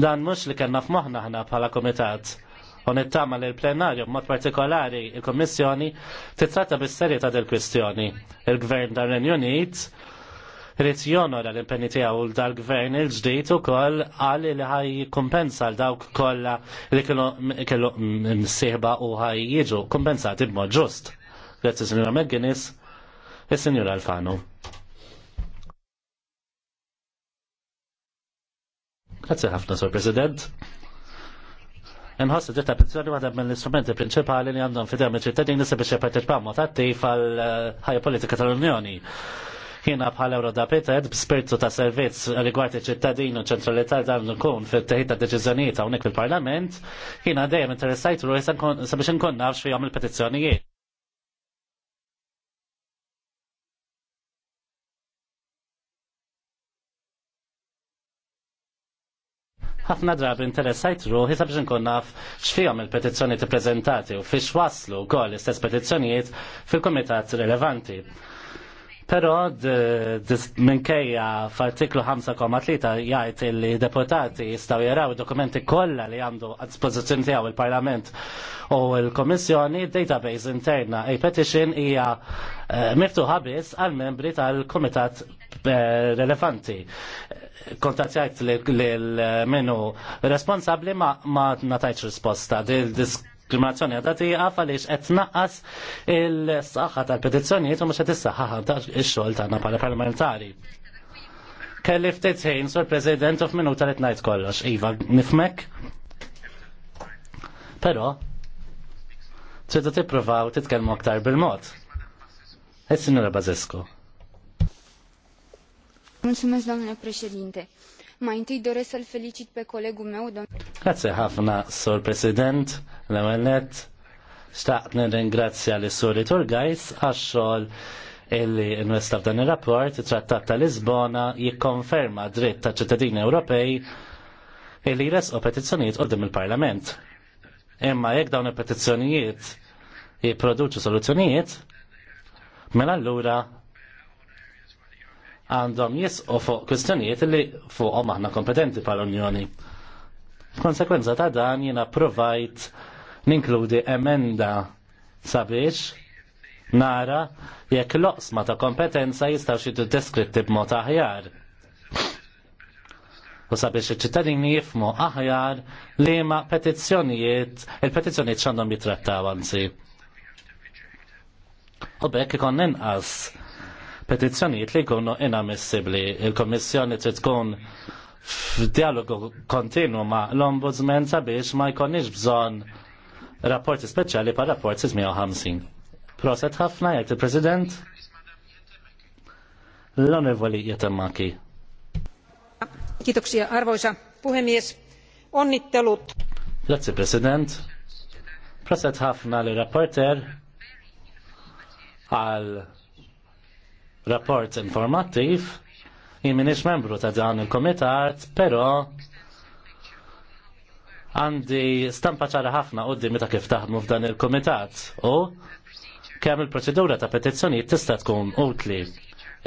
Dan mhux li kellna f'moħħna aħna bħala komitat u nittama li l-plenarju mod partikolari il kummissjoni titratta bis-serjetà del kwistjoni. Il-Gvern dar Unit irid jonora l-impenni tiegħu l dal-Gvern il-ġdid ukoll qal li ħaj kompensa l dawk kollha li kellu msieħba u ħaj jiġu kompensati b'mod ġust. Grazzi Sinjura McGuinness e Sinjura Alfano. Grazie ħafna, Sor President. Nħossu dritta pensjoni għadha minn l-istrumenti prinċipali li għandhom fidem il-ċittadini sabiex jipparteċipaw mod tattif għall eh, ħajja politika tal-Unjoni. Kiena bħal Eurodapited b'spirtu ta' servizz rigward iċ-ċittadin u ċentralità dan nkun fit-teħid ta' deċiżjonijiet hawnhekk fil-Parlament, kiena dejjem interessajt ruħi sabiex inkun nafx fihom il-petizzjonijiet. ħafna drabi interessajt ruħi sabiex nkun naf x'fihom il-petizzjoni tippreżentati u fiex waslu wkoll istess petizzjonijiet fil-kumitat rilevanti. Però minkejja f'artiklu 5.3 jgħid li deputati jistgħu jaraw dokumenti kollha li għandu għad dispożizzjoni tiegħu il-Parlament u l-Komissjoni database interna e petition hija eh, miftuħa biss għal membri tal-Kumitat eh, relevanti kontattjajt l-menu responsabli ma natajt risposta. Diskriminazzjoni għadha tiqaf għaliex qed naqqas il-saħħa tal-petizzjonijiet u mhux qed issaħħaħa x-xogħol tan-na bħala parlamentari. Kelli ftit ħin, Sur President, u f'minuta li tnajt kollox. Iva, nifmek? Però, tridu tippruvaw titkellmu aktar bil-mod. Is-Sinjura Bazisku. Mai întâi doresc să-l felicit pe colegul meu, domnul... Grazie ħafna, Sor President, l-għamellet. Staqt nirringrazzja li Sor Iturgajs għaxxol illi investa f'dan il-rapport, trattat ta' Lisbona jikkonferma dritt ta' ċittadini Ewropej illi jresqu petizzjonijiet qudiem il-Parlament. Imma jekk dawn il-petizzjonijiet jipproduċu soluzzjonijiet, mela allura għandhom jisqu fuq kwistjonijiet li fuqhom aħna kompetenti pal-Unjoni. Konsekwenza ta' dan jina provajt ninkludi emenda sabiex nara jekk loqsma ta' kompetenza jistaw xidu deskritti b'mod aħjar. U sabiex iċ-ċittadini jifmu aħjar li ma petizzjonijiet, il-petizzjonijiet xandhom jitrattaw għanzi. U bekk ikon inqas petizzjonijiet li jkunu inammissibbli. Il-Kommissjoni trid tkun f'dialogu kontinu ma' l-Ombudsman sabiex ma' jkunniex bżonn rapporti speċjali pa' rapport 650. Proset ħafna jgħid il-President l-Onorevoli Jetemaki. Kiitoksia arvoisa puhemies. Onnittelut. Grazie President. Proset ħafna l-rapporter għal rapport informattiv jien minix membru ta' dan il-komitat, però għandi stampa ċara ħafna qoddi meta kif taħdmu f'dan il-komitat u kemm il-proċedura ta' petizzjonijiet tista' tkun utli.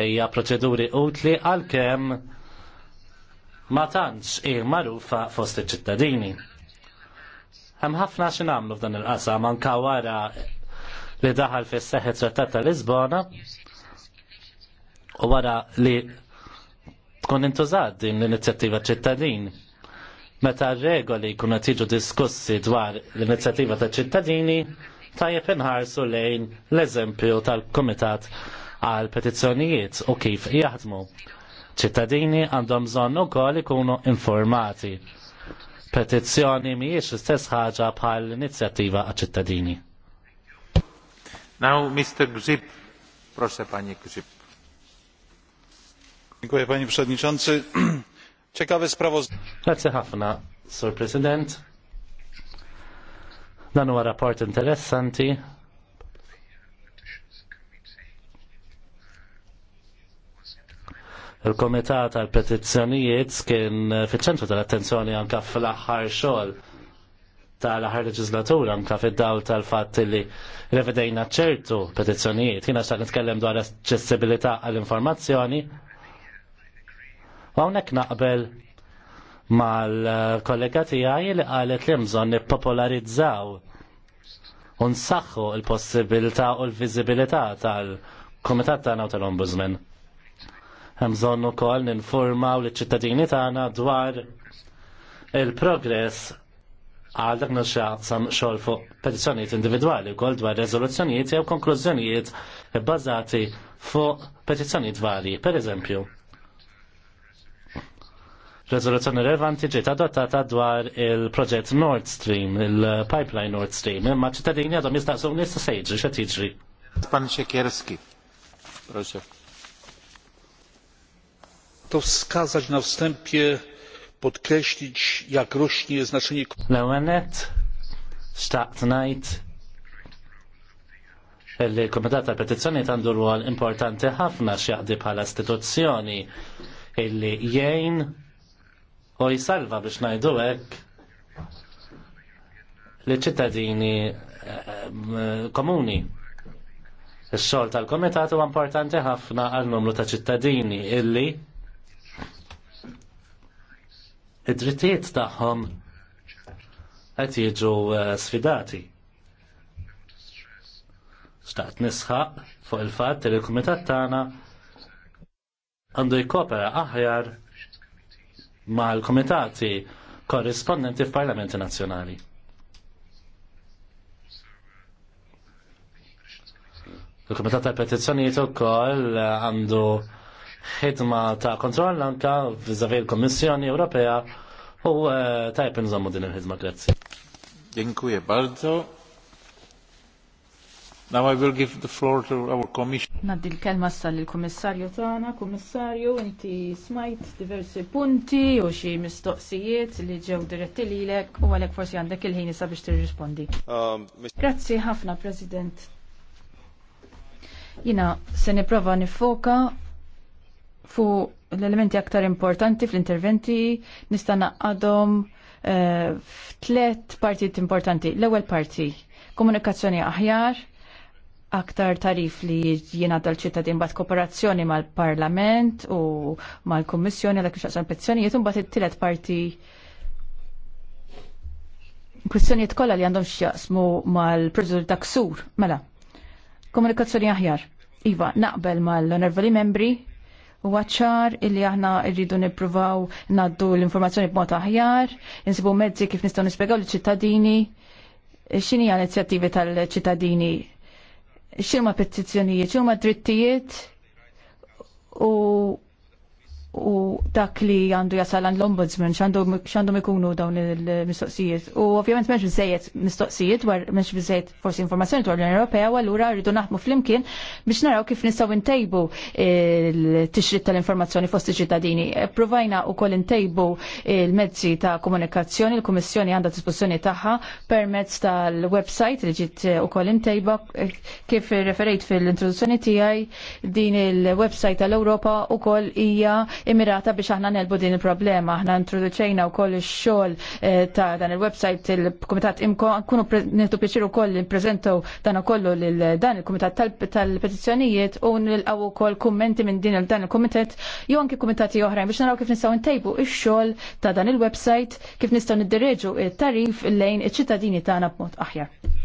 Hija proċeduri utli għalkemm ma tantx hi magħrufa fost iċ-ċittadini. Hemm ħafna xi nagħmlu f'dan il-qasam anke wara li daħal fis seħħ trattat ta' Lisbona, u wara li tkun intużad din l-inizjattiva ċittadin. Meta regoli kuna tiġu diskussi dwar l-inizjattiva ta' ċittadini, tajjeb inħarsu lejn l-eżempju tal-Komitat għal petizzjonijiet u kif jaħdmu. ċittadini għandhom bżonn ukoll ikunu informati. Petizzjoni mhijiex istess ħaġa bħal inizjattiva għal ċittadini. Now, Mr. Gzib, proszę panie Gzib panie przewodniczący. Ciekawe sprawozdanie. ħafna, sur President. Dan huwa rapport interessanti. Il-Komitat tal petizzjonijiet kien fiċ-ċentru tal-attenzjoni anka fl-aħħar xogħol tal-aħħar leġislatura anka fid-dawl tal-fatt li revedejna ċertu petizzjonijiet. Jiena xtaq nitkellem dwar aċċessibilità għall-informazzjoni Għawnek hawnhekk naqbel mal-kollega tiegħi li qalet li mżon nipopolarizzaw u nsaħħu l-possibilità u l vizibilità tal-Kumitat tagħna u tal-Ombudsman. Hemm bżonn ukoll ninformaw liċ-ċittadini tagħna dwar il-progress għal dak sam xogħol fuq petizzjonijiet individwali wkoll dwar reżoluzzjonijiet jew konklużjonijiet bbażati fuq petizzjonijiet varji. Per eżempju, Rezoluzzjoni relevanti ġiet adottata dwar il-proġett Nord Stream, il-pipeline Nord Stream, imma ċittadini għadhom jistaqsu nista' se jiġri x'qed jiġri. Pan Siekierski. Proszę. To wskazać na wstępie, podkreślić jak rośnie znaczenie... Lewenet, Stadt Night, il-Komitat tal Petizzjoni għandu rwol importanti ħafna x'jaqdi bħala istituzzjoni illi jgħin u jisalva biex najdu hekk li ċittadini eh, eh, komuni. Ix-xogħol tal-Komitat huwa importanti ħafna għal numru ta' ċittadini illi id-drittijiet tagħhom qed jiġu eh, sfidati. Xtaqt nisħaq fuq il-fatt li l-Kumitat tagħna għandu jkopera aħjar mal-komitati korrispondenti f'Parlamenti Nazzjonali. Il-Komitat tal petizzjonijiet ukoll għandu ħidma ta' kontroll anka viżavi l-Kommissjoni Ewropea u eh, tajb nżommu din il-ħidma grazzi. Dziękuję bardzo. Now I will give the floor to our commission. Naddi l-kelma sal il-komissarju tagħna, Kummissarju inti smajt diversi punti u xi mistoqsijiet li ġew diretti lilek u għalhekk forsi għandek il-ħin issa biex tirrispondi. Um, Grazzi ħafna, President. Jina se nipprova nifoka fu l-elementi aktar importanti fl-interventi nista' naqadhom eh, f'tlet partijiet importanti. L-ewwel parti, komunikazzjoni aħjar, aktar tarif li jiena tal ċittadin bat kooperazzjoni mal-parlament u mal-kommissjoni għal xaqsan petizzjonijiet un bat it-tilet parti kwistjonijiet kollha li għandhom x'jaqsmu mal prezzur ta' ksur. Mela, komunikazzjoni aħjar. Iva, naqbel mal-onervali membri u għacċar illi aħna rridu nippruvaw naddu l-informazzjoni b'mod aħjar, insibu mezzi kif nistgħu nispjegaw liċ ċittadini x'inhi l-inizjattivi tal-ċittadini x'huma petizzjonijiet, x'huma drittijiet u u dak li għandu jasal għand l-ombudsman x'għandhom ikunu dawn il-mistoqsijiet. U ovvjament m'hemmx biżejjed mistoqsijiet war m'hemmx biżejjed forsi informazzjoni dwar l-Unjoni Ewropea u allura rridu fl flimkien biex naraw kif nistgħu ntejbu l-tixrid tal-informazzjoni fost ċittadini e, Provajna wkoll intejbu il-mezzi ta' komunikazzjoni, il-Kummissjoni għandha dispożizzjoni tagħha permezz tal-website li ġiet ukoll intejba kif referejt fil-introduzzjoni tiegħi din il-website tal-Ewropa ukoll hija Immirata biex aħna nelbu din il-problema. Aħna introduċejna wkoll ix-xogħol eh, ta' dan il-website il-Kumitat Imko nkunu u koll il nippreżentaw dan kollu dan il-Kumitat tal-Petizzjonijiet u nilqgħu wkoll kummenti minn din dan il komitat jew anke kumitati oħrajn biex naraw kif nistgħu ntejbu ix-xogħol ta' dan il-website kif nistgħu niddereġu il tarif lejn iċ-ċittadini tagħna b'mod aħjar.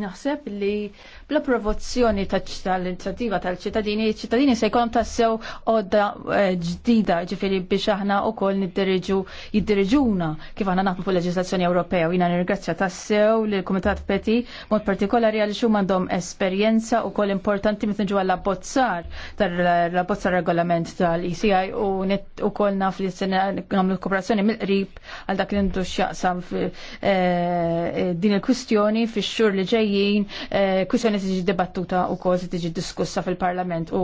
Naħseb li bla provozzjoni tal-inizjattiva tal-ċittadini, ċittadini se jkollhom tassew għodda eh, ġdida, ġifieri biex aħna wkoll niddiriġu jiddiriġuna kif aħna naħdmu fuq leġislazzjoni Ewropea. Jiena nirgrazzja tassew lill Kumitat Peti mod partikolari għal huma għandhom esperjenza wkoll importanti meta niġu għall-abbozzar tal-abbozzar regolament tal-ECI u wkoll naf li se nagħmlu kooperazzjoni mill-qrib għal dak li ndux jaqsam eh, din il-kwistjoni fix-xhur li ġej ġejjin, eh, kwistjoni tiġi dibattuta u kol tiġi diskussa fil-Parlament u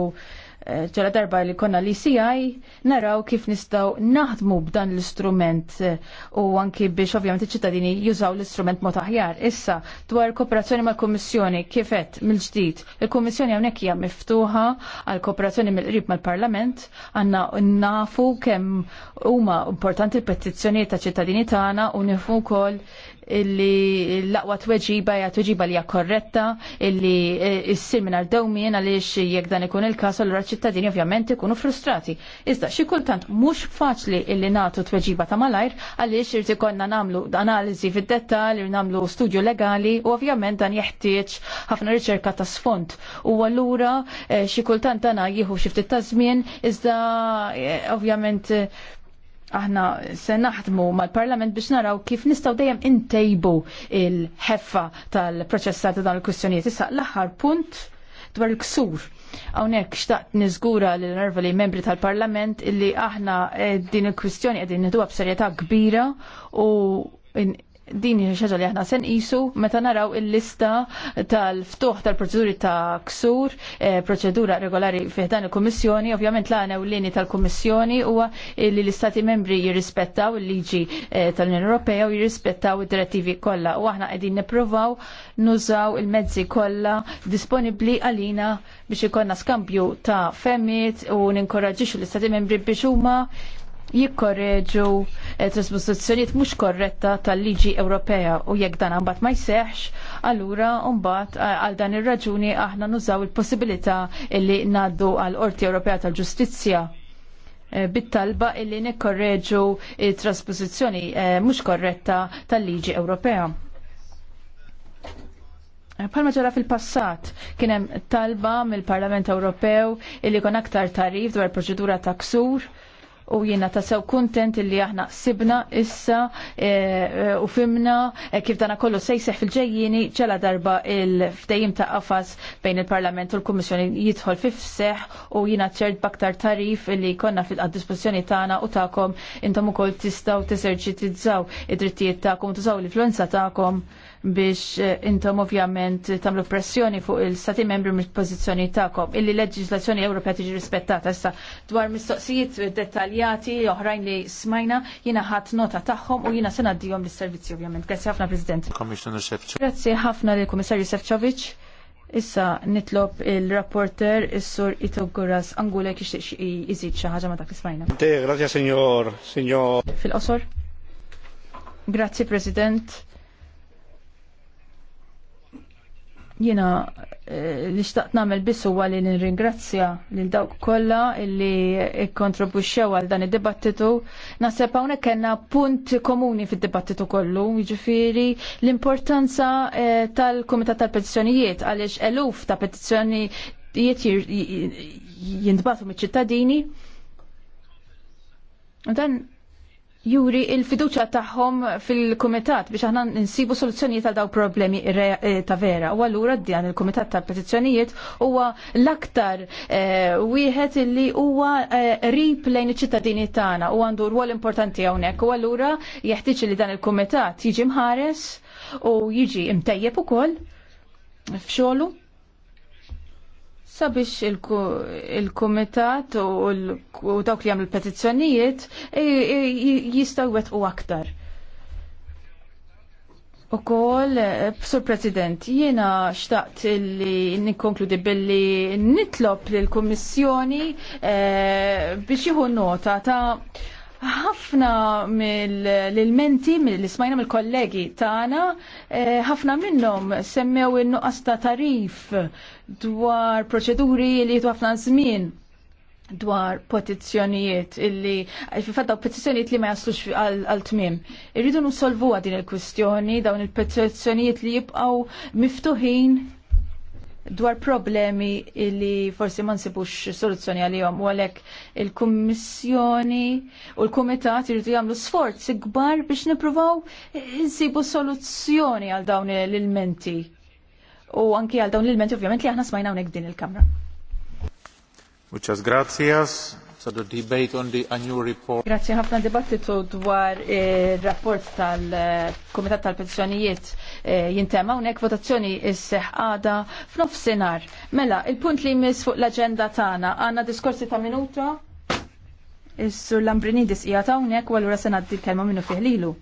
eh, ġala darba li konna li CI naraw kif nistaw naħdmu b'dan l-istrument eh, u anki biex ovvjament iċ-ċittadini jużaw l-istrument mod aħjar. Issa dwar kooperazzjoni mal-Kummissjoni kifet mill-ġdid. Il-Kummissjoni hawnhekk hija miftuħa għal kooperazzjoni mill-qrib mal-Parlament għandna nafu kemm huma importanti l-petizzjonijiet ta' ċittadini tagħna u nifu wkoll illi l-aqwa tweġiba ja tweġiba li hija korretta illi eh, issir minn dewmien għaliex jekk dan ikun il-każ allura ċittadini ovvjament ikunu frustrati. Iżda xi kultant mhux faċli illi nagħtu tweġiba ta' malajr għaliex irid ikollna nagħmlu analiżi fid-dettall, nagħmlu studju legali u ovvjament dan jeħtieġ ħafna riċerka ta' sfond. U allura eh, xi kultant tagħna jieħu xi ftit ta' żmien iżda eh, ovvjament aħna se naħdmu mal-Parlament biex naraw kif nistaw dejjem intejbu il-ħeffa tal-proċessat ta' dan il-kwistjonijiet. Issa l-aħħar punt dwar il-ksur. Hawnhekk xtaqt niżgura l nerva li membri tal-Parlament illi aħna eh, din il-kwistjoni qegħdin nidu b'serjetà kbira u din hija xaġa li aħna se nqisu meta naraw il-lista tal-ftuħ tal-proċeduri ta' ksur, e, proċedura regolari fih dan il-Kummissjoni, ovvjament l lini tal-Kummissjoni huwa li l-Istati membri jirrispettaw il-liġi e, tal-Unjoni Ewropea u jirrispettaw id-direttivi kollha u aħna qegħdin nippruvaw nużaw il-mezzi kollha disponibbli għalina biex ikollna skambju ta' femmit u ninkoraġġix l-Istati membri biex huma jikkorreġu eh, trasposizzjoniet mhux korretta tal-liġi Ewropea u jekk dan mbagħad ma jseħħx, allura mbagħad eh, għal dan ir-raġuni aħna nużaw il-possibilità li ngħaddu għal Qorti Ewropea tal-Ġustizzja eh, bit-talba illi nikkorreġu trasposizzjoni mhux korretta tal-liġi Ewropea. Palma ġara fil-passat, kienem talba mill-Parlament Ewropew illi kon aktar tarif dwar proċedura ta' ksur u jiena sew kuntent li aħna sibna issa e, e, u fimna e, kif dana kollu sejseħ fil-ġejjini ċela darba il fdejim ta' qafas bejn il-Parlament u l-Kummissjoni jidħol fifseħ u jiena ċert baktar tarif li konna fil-disposizjoni tagħna u tagħkom intom ukoll tistgħu teserċitizzaw id-drittijiet ta'kom u tużaw l-influenza tagħkom biex eh, intom ovvjament tagħmlu pressjoni fuq il-stati membri mill pozizjoni ta'kom illi leġiżlazzjoni Ewropea tiġi rispettata issa dwar mistoqsijiet dettaljati oħrajn li smajna jiena ħadd nota tagħhom u jiena se ngħaddihom lis-servizzi ovvjament. Grazzi ħafna President. Grazzi ħafna lill kummissarju Sefcovic. Issa nitlob il-rapporter is-sur Ito Guras Angulek ixtiq iżid xi ħaġa ma dak ismajna. smajna. grazzi, signor, signor. Fil-qosor? Grazzi, President. jina eh, li xtaqt namel biss nirringrazzja li nirringrazzja lil dawk kollha illi kontribuxxew għal dan id-dibattitu. Naħseb hawnhekk kellna punt komuni fid-dibattitu kollu, jiġifieri l-importanza eh, tal-Kumitat tal-Petizzjonijiet għaliex eluf ta' petizzjonijiet jindbatu miċ-ċittadini. Dan juri il-fiduċa tagħhom fil-kumitat biex aħna nsibu soluzzjonijiet għal daw problemi eh, ta' vera. U allura d-djan il-kumitat ta' petizzjonijiet huwa l-aktar eh, wieħed li huwa eh, rib lejn iċ-ċittadini tagħna u għandu rwol importanti hawnhekk. U allura jeħtieġ li dan il-kumitat jiġi mħares u jiġi imtejjeb ukoll f'xogħlu sabiex il-kumitat u dawk li għamlu petizzjonijiet jistaw u aktar. U kol, Sur President, jiena xtaqt li nikonkludi billi nitlob l komissjoni eh, biex jihu nota ta' ħafna mill-menti mill-ismajna mill-kollegi tagħna, eh, ħafna minnhom semmew in-nuqqas ta' tarif dwar proċeduri li jitu ħafna żmien dwar petizzjonijiet illi fil-fatt petizzjonijiet li ma jaslux għal tmiem. Irridu nusolvu din il-kwistjoni dawn il-petizzjonijiet li jibqgħu miftuħin dwar problemi li forsi ma nsibux soluzzjoni għalihom u għalhekk il-Kummissjoni u l-Kumitat irridu jagħmlu sforzi kbar biex nippruvaw insibu soluzzjoni għal dawn l-ilmenti. U anki għal dawn l-ilmenti ovvjament li aħna smajna hawnhekk din il-Kamra. Muchas gracias. So the debate on the annual report. Grazie ħafna dibattitu dwar il-rapport eh, tal-Komitat eh, tal-Petizzjonijiet eh, jintema unek votazzjoni isseħ għada f'nof senar. Mela, il-punt li jmiss fuq l-agenda tagħna għandna diskorsi ta' minuta. Is-sur Lambrinidis hija ta' unek u allura se ngħaddi kelma minnu fiħlilu.